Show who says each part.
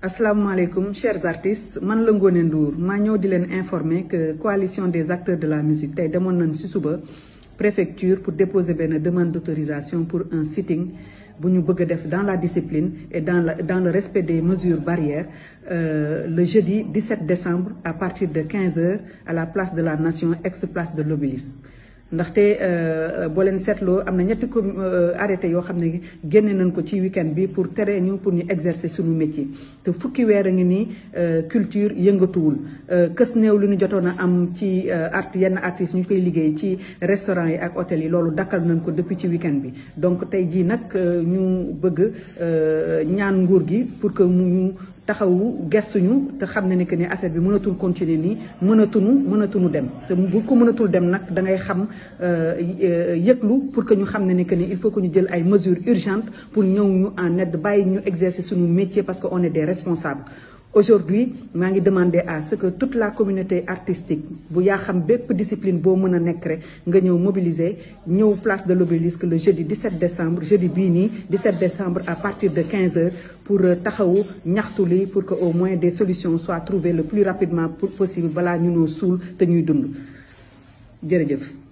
Speaker 1: asalaamaaleykum chers artistes man la ngoone Ndour maa ñëw di leen informer que coalition des acteurs de la musique tey demoon nañ ci suba préfecture pour déposer benn demande d'autorisation pour un sitting bu ñu bëgg def dans la discipline et dans la dans le respect des mesures barrières euh, le jeudi 17 décembre à partir de 15 heures à la place de la nation ex place de l'obélisque ndaxte euh, boo leen seetloo am na ñetti ko euh, arrêté yoo xam ne génnee nañ ko ci week bi pour tere ñu pour ñu exercer suñu métier te fukki weer a ngi nii euh, culture yëngatuwul kës néew lu ñu jotoon a am ci art yenn artistes ñu koy liggéey ci restaurant yi ak hôtel yi loolu dakkal nañ ko depuis ci week bi donc tey jii nag ñu bëgg ñaan nguur gi pour que mu taxawu gestuñu te xam ne ne que ne affaire bi mënatul continuer nii mënatunu mënatunu dem te bu ko mënatul dem nag da ngay xam euh, yëglu pour que ñu xam ne ne que ne il faut que ñu jël ay mesures urgentes pour ñëw ñu en aide bàyyi ñu exercer suñu métier parce que on est des responsables aujourd'hui maa ngi demander à ce que toute la communauté artistique bu yaa xam bépp discipline boo mën a nekk rek nga ñëw mobiliser ñëw place de l'obélisque le jeudi 17 décembre jeudi bii nii 17 décembre à partir de 15 heures pour euh, taxawu ñaxtu li pour que au moins des solution soit trouvées le plus rapidement possible balaa ñu noo suul te ñuy dund jërëjëf